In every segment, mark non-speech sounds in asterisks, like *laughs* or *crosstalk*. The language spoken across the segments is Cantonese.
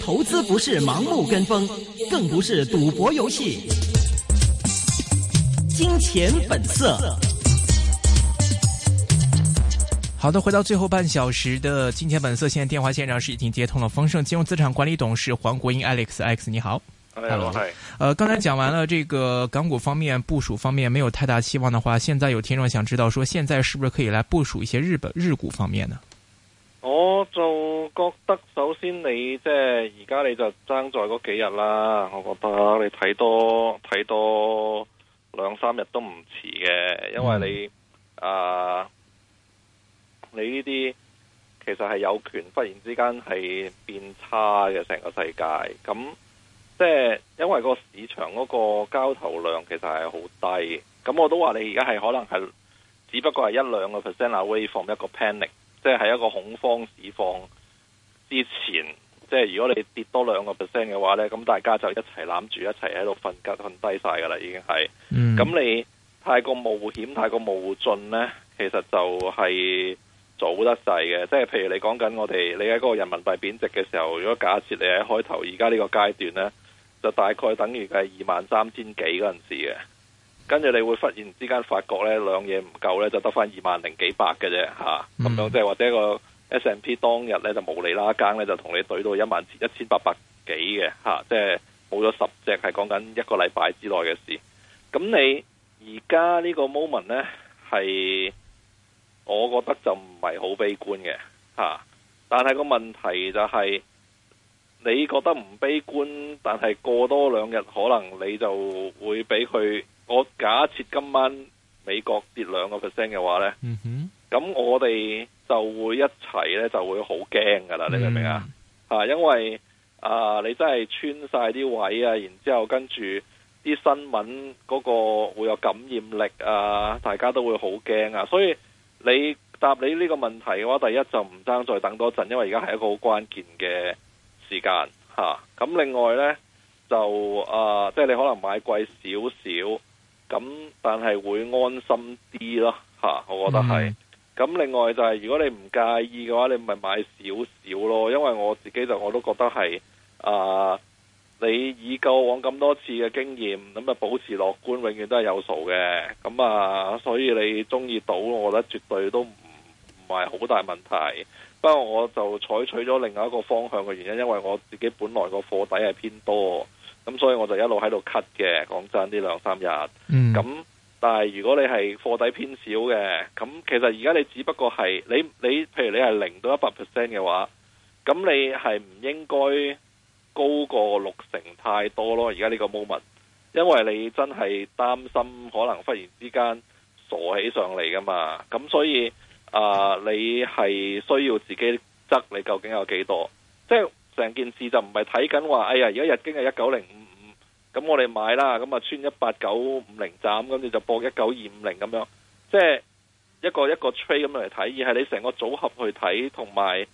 投資不是盲目跟風，更不是賭博遊戲。金錢本色。好的，回到最後半小時的金錢本色，現在電話線上是已經接通了。豐盛金融資產管理董事黃國英 Alex，Alex 你好。Hello，呃，剛才講完了這個港股方面部署方面沒有太大期望的話，現在有聽眾想知道說，現在是不是可以來部署一些日本日股方面呢？我就覺得，首先你即係而家你就爭在嗰幾日啦。我覺得你睇多睇多兩三日都唔遲嘅，因為你、嗯、啊，你呢啲其實係有權忽然之間係變差嘅，成個世界。咁即係因為個市場嗰個交投量其實係好低。咁我都話你而家係可能係只不過係一兩個 percent away from 一個 panic。即係喺一個恐慌市況之前，即係如果你跌多兩個 percent 嘅話呢，咁大家就一齊攬住一齊喺度瞓覺瞓低晒噶啦，已經係。咁、嗯、你太過冒險、太過冒進呢，其實就係早得滯嘅。即係譬如你講緊我哋，你喺嗰個人民幣貶值嘅時候，如果假設你喺開頭而家呢個階段呢，就大概等於係二萬三千幾嗰陣時嘅。跟住你會忽然之間發覺呢兩嘢唔夠呢，就得翻二萬零幾百嘅啫吓，咁、啊嗯、樣即係或者個 S&P 當日呢，就無厘啦更呢，就同你對到一萬一千八百幾嘅吓，即係冇咗十只係講緊一個禮拜之內嘅事。咁你而家呢個 moment 呢，係我覺得就唔係好悲觀嘅吓、啊，但係個問題就係、是、你覺得唔悲觀，但係過多兩日可能你就會俾佢。我假設今晚美國跌兩個 percent 嘅話呢，咁、嗯、我哋就會一齊呢，就會好驚噶啦，你明唔明啊？嚇、嗯，因為啊、呃，你真係穿晒啲位啊，然之後跟住啲新聞嗰個會有感染力啊、呃，大家都會好驚啊，所以你答你呢個問題嘅話，第一就唔爭再等多陣，因為而家係一個好關鍵嘅時間嚇。咁、啊、另外呢，就啊、呃，即係你可能買貴少少。咁但係會安心啲咯，吓，我覺得係。咁、嗯、另外就係、是、如果你唔介意嘅話，你咪買少少咯。因為我自己就我都覺得係，啊、呃，你以過往咁多次嘅經驗，咁啊保持樂觀永遠，永遠都係有數嘅。咁、呃、啊，所以你中意賭，我覺得絕對都唔唔係好大問題。不過我就採取咗另外一個方向嘅原因，因為我自己本來個貨底係偏多。咁、嗯、所以我就一路喺度 cut 嘅，講真呢兩三日。咁、嗯、但係如果你係貨底偏少嘅，咁其實而家你只不過係你你，譬如你係零到一百 percent 嘅話，咁你係唔應該高過六成太多咯。而家呢個 moment，因為你真係擔心可能忽然之間傻起上嚟噶嘛。咁所以啊、呃，你係需要自己測你究竟有幾多，即係。成件事就唔係睇緊話，哎呀，而家日經係一九零五五，咁我哋買啦，咁啊穿一八九五零斬，咁你就博一九二五零咁樣，即係一個一個 trade 咁嚟睇，而係你成個組合去睇，同埋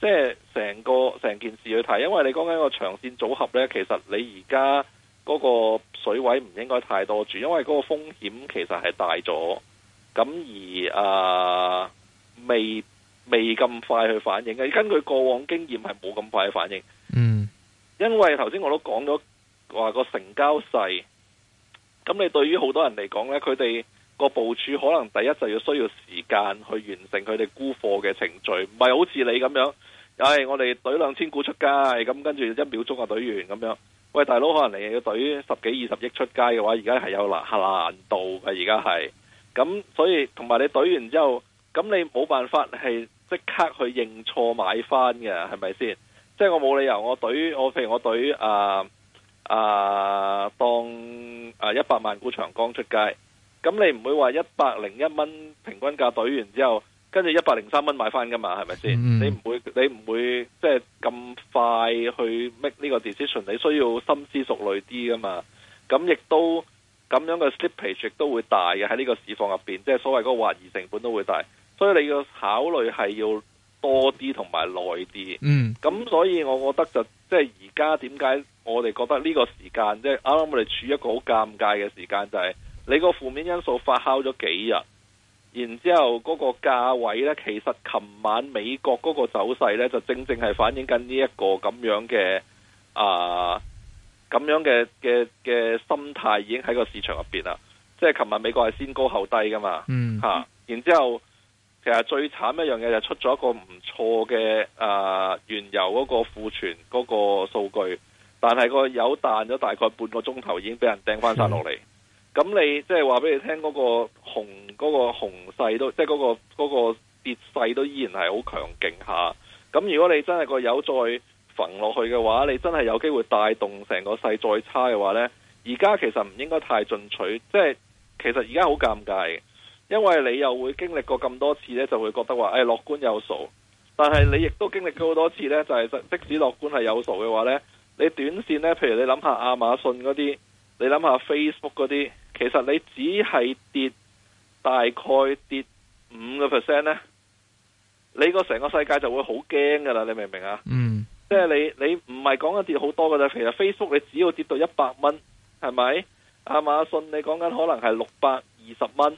即係成個成件事去睇，因為你講緊個長線組合呢，其實你而家嗰個水位唔應該太多住，因為嗰個風險其實係大咗，咁而啊未。未咁快去反映嘅，根據過往經驗係冇咁快去反應嗯，因為頭先我都講咗話個成交細，咁你對於好多人嚟講呢，佢哋個部署可能第一就要需要時間去完成佢哋沽貨嘅程序，唔係好似你咁樣，唉、哎，我哋懟兩千股出街，咁跟住一秒鐘啊懟完咁樣。喂，大佬，可能你要懟十幾二十億出街嘅話，而家係有難難度嘅，而家係，咁所以同埋你懟完之後，咁你冇辦法係。即刻去認錯買返嘅係咪先？即係我冇理由我隊我譬如我隊啊啊當啊一百萬股長江出街，咁你唔會話一百零一蚊平均價隊完之後，跟住一百零三蚊買返噶嘛？係咪先？你唔會你唔會即係咁快去 make 呢個 decision？你需要深思熟慮啲噶嘛？咁亦都咁樣嘅 slippage 亦都會大嘅喺呢個市況入面，即係所謂嗰個滑移成本都會大。所以你要考慮係要多啲同埋耐啲，咁、嗯、所以我覺得就即係而家點解我哋覺得呢個時間，即係啱啱我哋處一個好尷尬嘅時間，就係你個負面因素發酵咗幾日，然之後嗰個價位呢，其實琴晚美國嗰個走勢呢，就正正係反映緊呢一個咁樣嘅啊咁樣嘅嘅嘅心態，已經喺個市場入邊啦。即係琴日美國係先高後低噶嘛，吓、嗯啊，然之後。其實最慘一樣嘢就出咗一個唔錯嘅啊、呃，原油嗰個庫存嗰個數據，但係個油彈咗大概半個鐘頭已經俾人掟翻晒落嚟。咁、嗯、你即係話俾你聽嗰、嗰個熊嗰、嗰個熊勢都，即係嗰、嗰個跌、嗰個、勢都依然係好強勁下。咁如果你真係個油再墳落去嘅話，你真係有機會帶動成個勢再差嘅話呢，而家其實唔應該太進取，即係其實而家好尷尬因為你又會經歷過咁多次呢，就會覺得話誒、哎、樂觀有數，但係你亦都經歷過好多次呢，就係、是、即使樂觀係有數嘅話呢，你短線呢，譬如你諗下亞馬遜嗰啲，你諗下 Facebook 嗰啲，其實你只係跌大概跌五個 percent 呢，你個成個世界就會好驚噶啦，你明唔明啊？嗯，即係你你唔係講緊跌好多㗎咋，其實 Facebook 你只要跌到一百蚊，係咪？亞馬遜你講緊可能係六百二十蚊。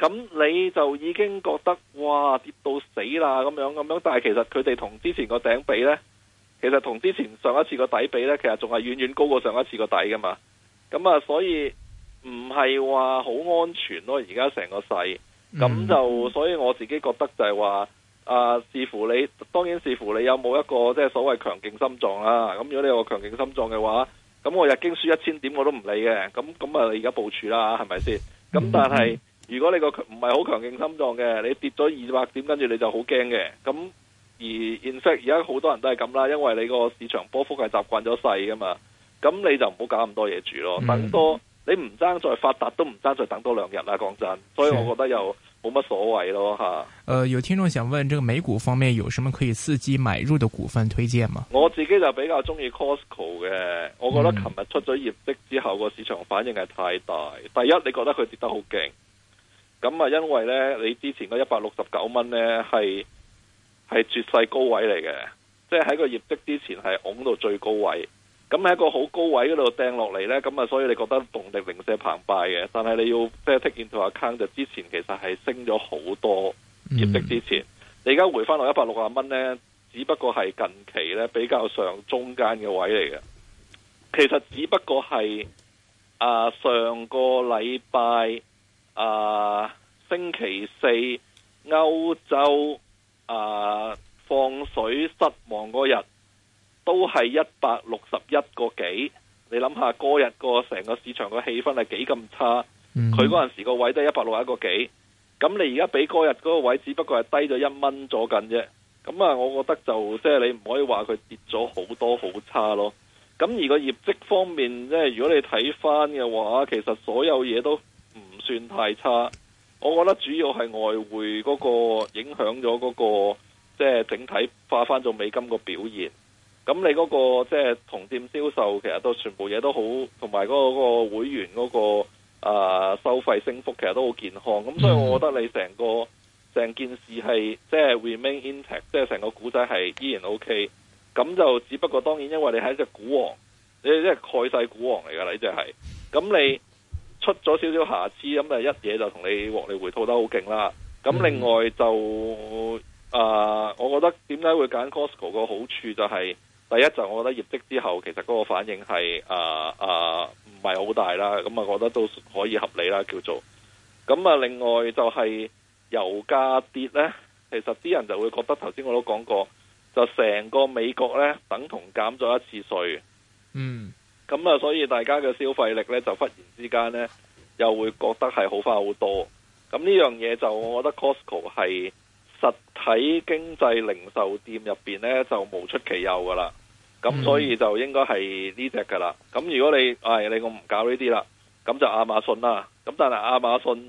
咁你就已經覺得哇跌到死啦咁樣咁樣，但係其實佢哋同之前個頂比呢，其實同之前上一次個底比呢，其實仲係遠遠高過上一次個底噶嘛。咁啊，所以唔係話好安全咯、啊，而家成個世，咁、嗯、就所以我自己覺得就係話啊，視乎你，當然視乎你有冇一個即係所謂強勁心臟啦、啊。咁如果你有個強勁心臟嘅話，咁我日經輸一千點我都唔理嘅。咁咁啊，而家部署啦，係咪先？咁但係。嗯嗯嗯如果你個唔係好強勁心臟嘅，你跌咗二百點，跟住你就好驚嘅。咁而現時而家好多人都係咁啦，因為你個市場波幅係習慣咗細噶嘛。咁你就唔好搞咁多嘢住咯。等、嗯、多你唔爭再發達都唔爭，再等多兩日啦。講真，所以我覺得又冇乜所謂咯嚇。誒，有聽眾想問，這個美股方面有什麼可以伺機買入嘅股份推薦嗎？我自己就比較中意 Costco 嘅。我覺得琴日出咗業績之後，個、嗯、市場反應係太大。第一，你覺得佢跌得好勁。咁啊，因為呢，你之前嗰一百六十九蚊呢，係係絕世高位嚟嘅，即係喺個業績之前係拱到最高位。咁喺一個好高位嗰度掟落嚟呢，咁啊，所以你覺得動力零舍澎湃嘅。但係你要即係 take into account，就之前其實係升咗好多，嗯，業績之前。你而家回翻落一百六十蚊呢，只不過係近期呢比較上中間嘅位嚟嘅。其實只不過係啊，上個禮拜。啊，星期四歐洲啊放水失望嗰日，都係一百六十一個幾，你諗下嗰日個成個市場個氣氛係幾咁差，佢嗰陣時個位都係一百六十一個幾，咁你而家比嗰日嗰個位只不過係低咗一蚊左近啫，咁啊，我覺得就即係你唔可以話佢跌咗好多好差咯。咁而個業績方面，即係如果你睇翻嘅話，其實所有嘢都。算太差，我覺得主要係外匯嗰個影響咗嗰、那個，即、就、係、是、整體化翻咗美金個表現。咁你嗰、那個即係、就是、同店銷售，其實都全部嘢都好，同埋嗰個會員嗰、那個、呃、收費升幅，其實都好健康。咁所以我覺得你成個成件事係即係 remain intact，即係成個故仔係依然 OK。咁就只不過當然，因為你係一隻股王，你係一隻蓋世股王嚟㗎喇，你就係。咁你。出咗少少瑕疵，咁咪一嘢就同你獲利回吐得好勁啦。咁另外就啊、mm -hmm. 呃，我覺得點解會揀 Costco 個好處就係、是，第一就我覺得業績之後其實嗰個反應係啊啊唔係好大啦。咁啊，我覺得都可以合理啦，叫做。咁啊，另外就係油價跌呢，其實啲人就會覺得頭先我都講過，就成個美國呢等同減咗一次稅。嗯、mm -hmm.。咁啊，所以大家嘅消費力呢，就忽然之間呢，又會覺得係好返好多。咁呢樣嘢就我覺得 Costco 係實體經濟零售店入面呢，就無出其右噶啦。咁所以就應該係呢隻噶啦。咁如果你唉、哎、你我唔搞呢啲啦，咁就亞馬遜啦。咁但係亞馬遜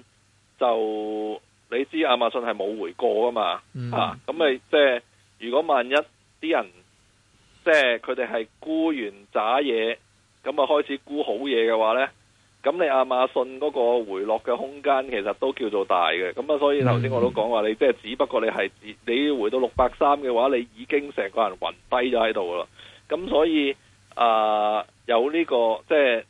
就你知亞馬遜係冇回過㗎嘛？咁咪即係如果萬一啲人即係佢哋係沽完渣嘢。就是咁啊，開始估好嘢嘅話呢，咁你亞馬遜嗰個回落嘅空間其實都叫做大嘅。咁啊，所以頭先我都講話，你即係只不過你係你回到六百三嘅話，你已經成個人暈低咗喺度啦。咁所以啊、呃，有呢個即係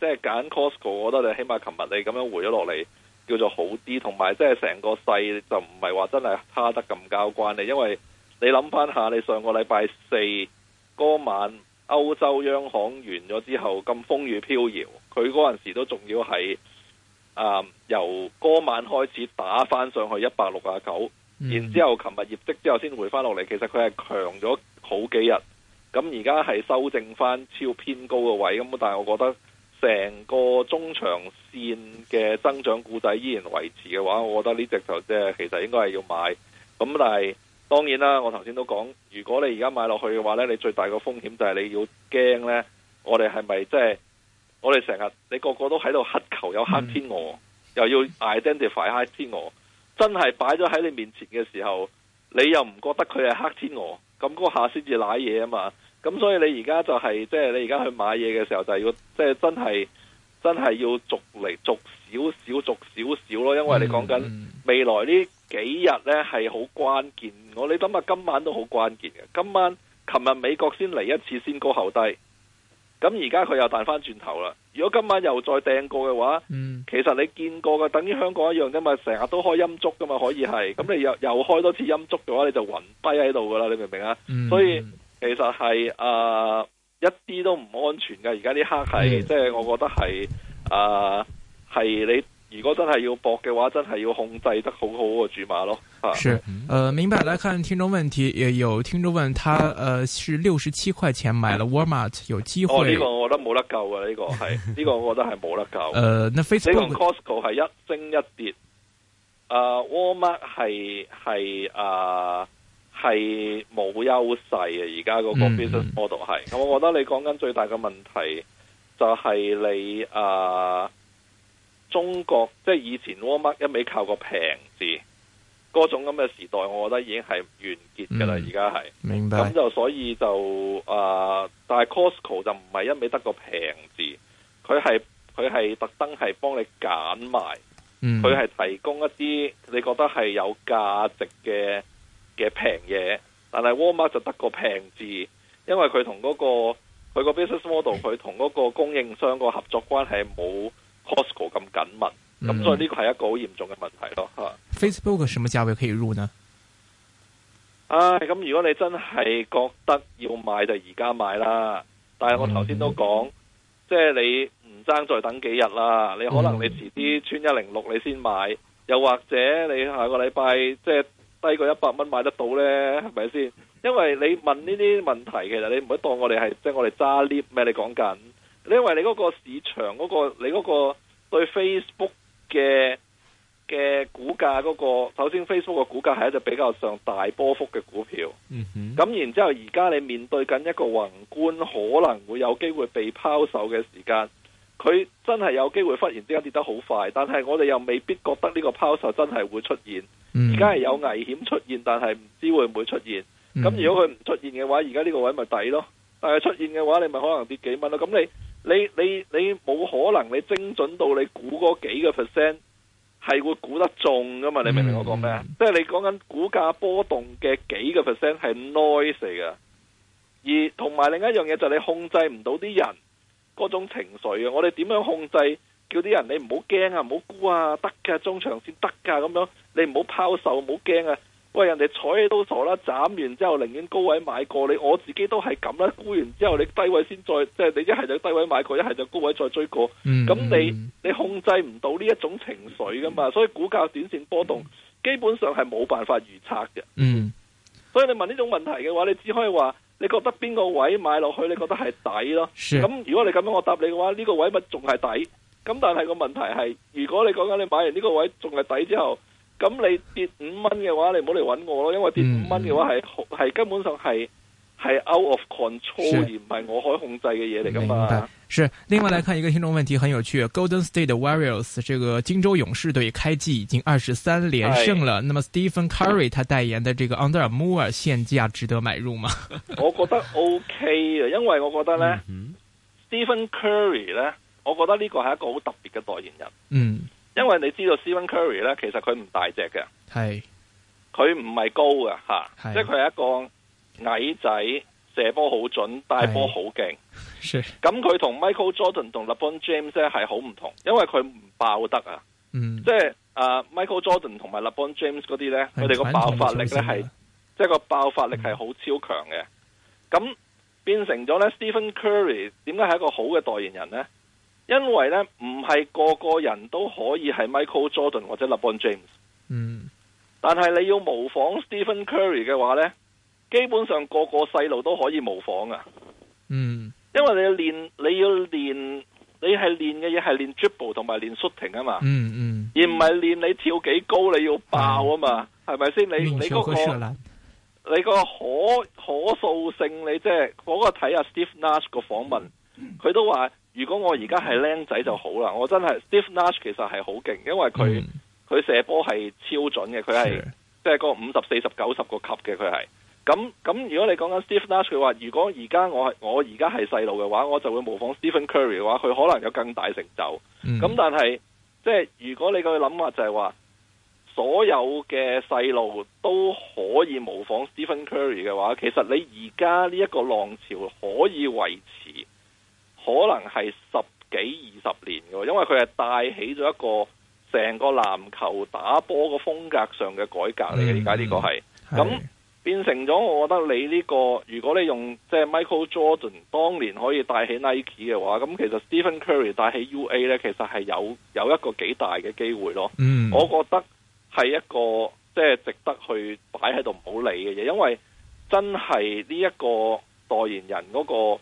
即係揀 Costco，我覺得你起碼琴日你咁樣回咗落嚟，叫做好啲，同埋即係成個勢就唔係話真係差得咁交關。你因為你諗翻下，你上個禮拜四嗰晚。歐洲央行完咗之後，咁風雨飄搖，佢嗰陣時都仲要係啊、呃，由嗰晚開始打翻上去一百六啊九，然後之後琴日業績之後先回翻落嚟。其實佢係強咗好幾日，咁而家係修正翻超偏高嘅位咁、嗯。但係我覺得成個中長線嘅增長故事依然維持嘅話，我覺得呢隻就即係其實應該係要買。咁、嗯、但係。當然啦，我頭先都講，如果你而家買落去嘅話呢，你最大個風險就係你要驚呢。我哋係咪即係我哋成日你個個都喺度黑球有黑天鵝、嗯，又要 identify 黑天鵝，真係擺咗喺你面前嘅時候，你又唔覺得佢係黑天鵝，咁嗰下先至瀨嘢啊嘛。咁所以你而家就係即係你而家去買嘢嘅時候就，就係、是、要即係真係真係要逐嚟逐少少逐少少咯，因為你講緊、嗯、未來呢幾日呢係好關鍵，我你諗下今晚都好關鍵嘅。今晚、琴日美國先嚟一次先高後低，咁而家佢又彈翻轉頭啦。如果今晚又再掟過嘅話、嗯，其實你見過嘅等於香港一樣啫嘛，成日都開陰燭噶嘛，可以係咁你又又開多次陰燭嘅話，你就暈低喺度噶啦，你明唔明啊？所以其實係誒、呃、一啲都唔安全嘅。而家呢刻係即係我覺得係誒係你。如果真係要搏嘅話，真係要控制得很好好個注碼咯、啊。是，呃，明白。來看聽眾問題，也有聽眾問他，呃，是六十七塊錢買了，嗯、了 Walmart 有機會？哦，呢、這個我覺得冇得救嘅，呢、這個係呢 *laughs* 個我覺得係冇得救。呃，那 Facebook 同 Costco 係一升一跌，啊，Walmart 係係啊係冇優勢嘅，而家嗰個 business model 係、嗯。咁我覺得你講緊最大嘅問題就係你啊。呃中國即係以前 Walmart 一味靠個平字，嗰種咁嘅時代，我覺得已經係完結㗎啦。而家係，明白。咁就所以就啊、呃，但係 Costco 就唔係一味得個平字，佢係佢係特登係幫你揀埋，佢、嗯、係提供一啲你覺得係有價值嘅嘅平嘢，但係 Walmart 就得個平字，因為佢同嗰個佢個 business model，佢同嗰個供應商個合作關係冇。Costco 咁緊密，咁、嗯、所以呢個係一個好嚴重嘅問題咯吓。Facebook 嘅什麼價位可以入呢？唉、哎，咁如果你真係覺得要買就而家買啦。但係我頭先都講，即、嗯、係、就是、你唔爭再等幾日啦、嗯。你可能你遲啲穿一零六你先買，又或者你下個禮拜即係低過一百蚊買得到呢？係咪先？因為你問呢啲問題，其實你唔會當我哋係即係我哋揸 lift 咩？你講緊。你因為你嗰個市場嗰個你嗰個對 Facebook 嘅嘅股價嗰個，首先 Facebook 嘅股價係一隻比較上大波幅嘅股票，咁、嗯、然之後而家你面對緊一個宏觀可能會有機會被拋售嘅時間，佢真係有機會忽然之間跌得好快，但係我哋又未必覺得呢個拋售真係會出現，而家係有危險出現，但係唔知會唔會出現。咁、嗯、如果佢唔出現嘅話，而家呢個位咪抵咯。但係出現嘅話，你咪可能跌幾蚊咯。咁你你你你冇可能你精準到你估嗰幾個 percent 係會估得中噶嘛？你明唔明我講咩？即、嗯、係、就是、你講緊股價波動嘅幾個 percent 係 noise 嚟噶。而同埋另一樣嘢就係、是、你控制唔到啲人嗰種情緒啊！我哋點樣控制叫啲人你唔好驚啊，唔好估啊，得噶、啊、中長線得噶咁樣，你唔好拋售，唔好驚啊！喂，人哋睬你都傻啦，斬完之後寧願高位買過你，我自己都係咁啦。沽完之後你低位先再，即係你一係就低位買過，一係就高位再追過。咁、嗯、你你控制唔到呢一種情緒噶嘛、嗯？所以股價短線波動、嗯、基本上係冇辦法預測嘅。所以你問呢種問題嘅話，你只可以話你覺得邊個位買落去，你覺得係抵咯。咁如果你咁樣我答你嘅話，呢、這個位咪仲係抵。咁但係個問題係，如果你講緊你買完呢個位仲係抵之後。咁你跌五蚊嘅話，你唔好嚟揾我咯，因為跌五蚊嘅話係係、嗯、根本上係係 out of control 而唔係我可以控制嘅嘢嚟噶嘛。明白。是另外來看一個聽眾問題，很有趣。Golden State Warriors 這個金州勇士隊開季已經二十三連勝了，那麼 Stephen Curry 他代言的這個 Under Armour 現價值得買入嗎？我覺得 OK 嘅，因為我覺得呢、嗯、Stephen Curry 呢，我覺得呢個係一個好特別嘅代言人。嗯。因為你知道 Stephen Curry 咧，其實佢唔大隻嘅，係佢唔係高嘅吓，即係佢係一個矮仔，射波好準，帶波好勁。咁佢同 Michael Jordan 同 LeBron James 咧係好唔同，因為佢唔爆得啊，即係誒 Michael Jordan 同埋 LeBron James 嗰啲咧，佢哋個爆發力咧係即係個爆發力係好超強嘅。咁、嗯、變成咗咧 Stephen Curry 點解係一個好嘅代言人咧？因為咧，唔係個個人都可以係 Michael Jordan 或者 LeBron James，嗯，但係你要模仿 Stephen Curry 嘅話咧，基本上個個細路都可以模仿啊，嗯，因為你要練，你要練，你係練嘅嘢係練 dribble 同埋練 shooting 啊嘛，嗯嗯，而唔係練你跳幾高你要爆啊嘛，係咪先？你、嗯、你嗰、那個、嗯、你那個可可塑，你個可，可塑性，你即係嗰個睇下 Steve Nash 個訪問，佢、嗯、都話。如果我而家係僆仔就好啦，我真係 Steve Nash 其實係好勁，因為佢佢、嗯、射波係超準嘅，佢係即係個五十四十九十個級嘅佢係。咁咁如果你講緊 Steve Nash，佢話如果而家我我而家係細路嘅話，我就會模仿 Stephen Curry 嘅話，佢可能有更大成就。咁、嗯、但係即係如果你個諗法就係話，所有嘅細路都可以模仿 Stephen Curry 嘅話，其實你而家呢一個浪潮可以維持。可能係十幾二十年嘅，因為佢係帶起咗一個成個籃球打波個風格上嘅改革嚟嘅，而家呢個係咁變成咗。我覺得你呢、這個，如果你用即係、就是、Michael Jordan 當年可以帶起 Nike 嘅話，咁其實 Stephen Curry 帶起 UA 咧，其實係有有一個幾大嘅機會咯、嗯。我覺得係一個即係、就是、值得去擺喺度唔好理嘅嘢，因為真係呢一個代言人、嗰個。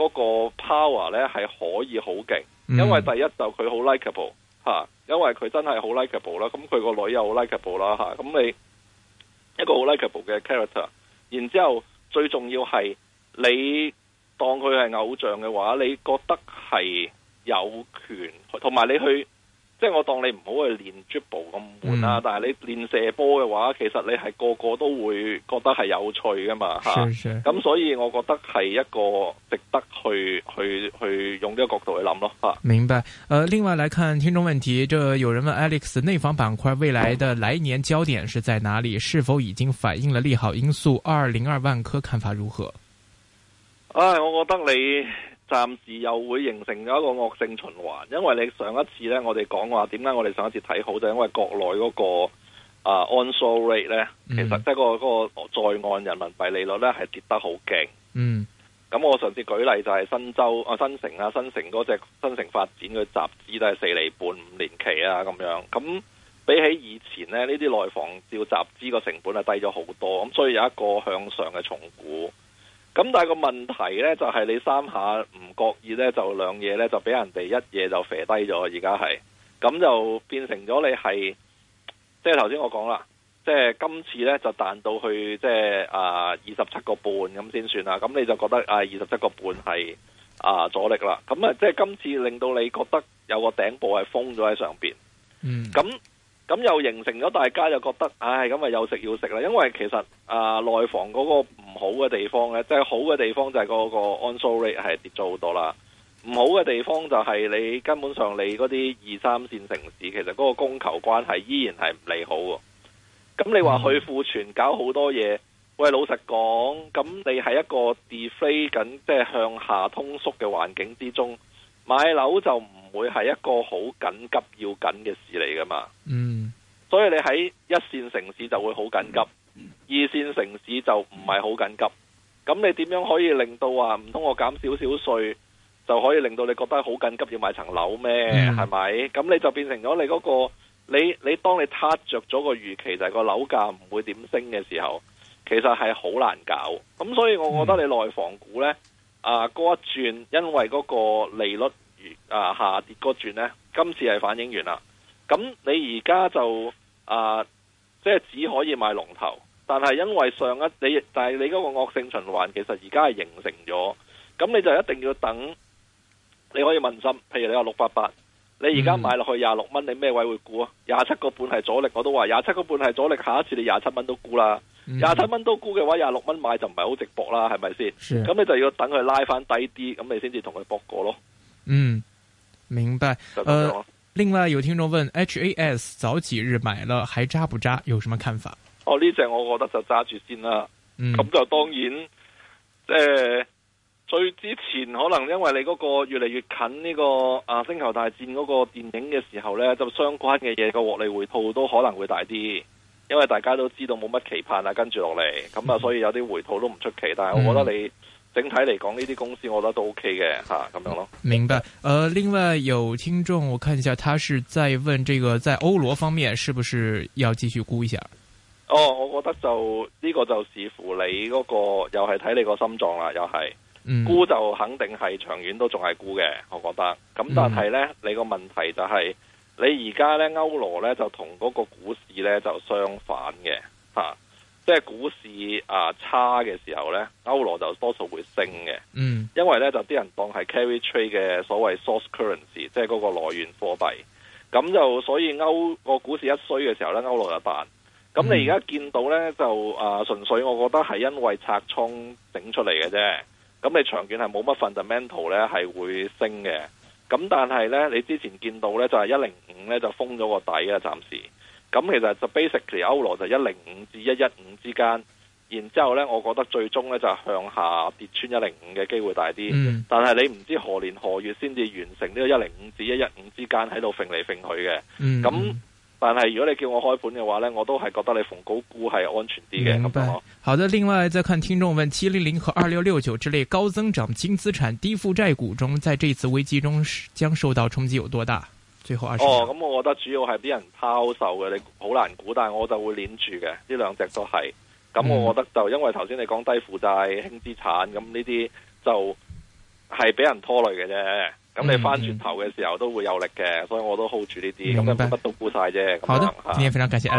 嗰個 power 咧係可以好勁，因為第一就佢好 likable 嚇，因為佢真係好 likable 啦，咁佢個女又好 likable 啦嚇，咁你一個好 likable 嘅 character，然之後最重要係你當佢係偶像嘅話，你覺得係有權同埋你去。即係我當你唔好去練 dribble 咁悶啦，但係你練射波嘅話，其實你係個個都會覺得係有趣噶嘛咁、啊、所以我覺得係一個值得去去去用呢個角度去諗咯吓。明白。誒、呃，另外來看聽眾問題，就有人問 Alex 內房板塊未來的來年焦點是在哪裏？是否已經反映了利好因素？二零二萬科看法如何？唉，我覺得你。暫時又會形成咗一個惡性循環，因為你上一次咧，我哋講話點解我哋上一次睇好，就因為國內嗰、那個啊、呃、onshore rate 咧、嗯，其實即、那、係個、那個在岸人民幣利率咧，係跌得好勁。嗯，咁我上次舉例就係新洲啊，新城啊，新城嗰隻新城發展嘅集資都係四厘半五年期啊，咁樣。咁比起以前咧，呢啲內房照集資個成本係低咗好多，咁所以有一個向上嘅重估。咁但係個問題呢，就係你三下唔覺意呢，就兩嘢呢，就俾人哋一嘢就蝕低咗。而家係咁就變成咗你係，即係頭先我講啦，即係今次呢，就彈到去即係二十七個半咁先算啦。咁你就覺得啊，二十七個半係啊阻力啦。咁啊即係今次令到你覺得有個頂部係封咗喺上邊。嗯，咁。咁又形成咗，大家又覺得，唉，咁啊有食要食啦。因為其實啊，呃，內房嗰個唔好嘅地方咧，即係好嘅地方就係嗰個 rate 係跌咗好多啦。唔好嘅地方就係你根本上你嗰啲二三線城市，其實嗰個供求關係依然係唔利好。咁你話去庫存搞好多嘢，喂，老實講，咁你係一個 deflate 緊，即係向下通縮嘅環境之中買樓就唔。會係一個好緊急要緊嘅事嚟㗎嘛？嗯，所以你喺一綫城市就會好緊急，嗯，二綫城市就唔係好緊急。咁、嗯、你點樣可以令到話唔通我減少少稅就可以令到你覺得好緊急要買層樓咩？係、嗯、咪？咁你就變成咗你、嗰個你你當你撻着咗個預期就係、是、個樓價唔會點升嘅時候，其實係好難搞。咁所以我覺得你內房股咧啊，呃、嗰一轉，因為嗰個利率。啊下跌個轉呢，今次係反映完啦。咁你而家就啊，即、呃、係、就是、只可以買龍頭，但係因為上一你，但、就、係、是、你嗰個惡性循環，其實而家係形成咗。咁你就一定要等，你可以問心。譬如你話六八八，你而家買落去廿六蚊，你咩位會沽啊？廿七個半係阻力，我都話廿七個半係阻力，下一次你廿七蚊都沽啦。廿七蚊都沽嘅話，廿六蚊買就唔係好值博啦，係咪先？咁你就要等佢拉返低啲，咁你先至同佢博過咯。嗯，明白就樣。呃，另外有聽眾問，H A S 早幾日買了，還扎不扎？有什麼看法？哦，呢、這、隻、個、我覺得就揸住先啦。嗯，咁就當然，即、呃、係最之前可能因為你嗰個越嚟越近呢、這個啊星球大戰嗰個電影嘅時候咧，就相關嘅嘢個獲利回吐都可能會大啲，因為大家都知道冇乜期盼啊，跟住落嚟，咁、嗯、啊，所以有啲回吐都唔出奇。但係我覺得你。整體嚟講呢啲公司，我覺得都 OK 嘅吓，咁、啊、樣咯。明白。呃，另外有聽眾，我看一下，他是在問，這個在歐羅方面是不是要繼續沽一下？哦，我覺得就呢、這個就視乎你嗰、那個，又係睇你個心臟啦，又係、嗯、沽就肯定係長遠都仲係沽嘅，我覺得。咁但係呢你個問題就係、是嗯、你而家咧歐羅咧就同個股市咧就相反嘅，吓、啊。即係股市啊、呃、差嘅時候呢歐羅就多數會升嘅、嗯，因為呢就啲人當係 carry trade 嘅所謂 source currency，即係嗰個來源貨幣，咁就所以歐個股市一衰嘅時候呢，歐羅就彈。咁你而家見到呢，就啊，純、呃、粹我覺得係因為拆倉整出嚟嘅啫。咁你長遠係冇乜 fundamental 呢係會升嘅。咁但係呢，你之前見到呢，就係一零五呢，就封咗個底啊，暫時。咁其實就 basically 歐羅就一零五至一一五之間，然之後咧，我覺得最終咧就係、向下跌穿一零五嘅機會大啲、嗯，但係你唔知何年何月先至完成呢個一零五至一一五之間喺度揈嚟揈去嘅，咁、嗯、但係如果你叫我開盤嘅話咧，我都係覺得你逢高沽係安全啲嘅。明白。好的，另外再看聽眾問：七零零和二六六九之類高增長、金資產、低負債股中，在這次危機中將受到衝擊有多大？最後啊、哦，咁我覺得主要係俾人拋售嘅，你好難估，但係我就會諗住嘅，呢兩隻都係。咁我覺得就因為頭先你講低負債、輕資產，咁呢啲就係俾人拖累嘅啫。咁你翻轉頭嘅時候都會有力嘅、嗯，所以我都 hold 住呢啲。明白。乜都估晒啫。好的，今天非常感謝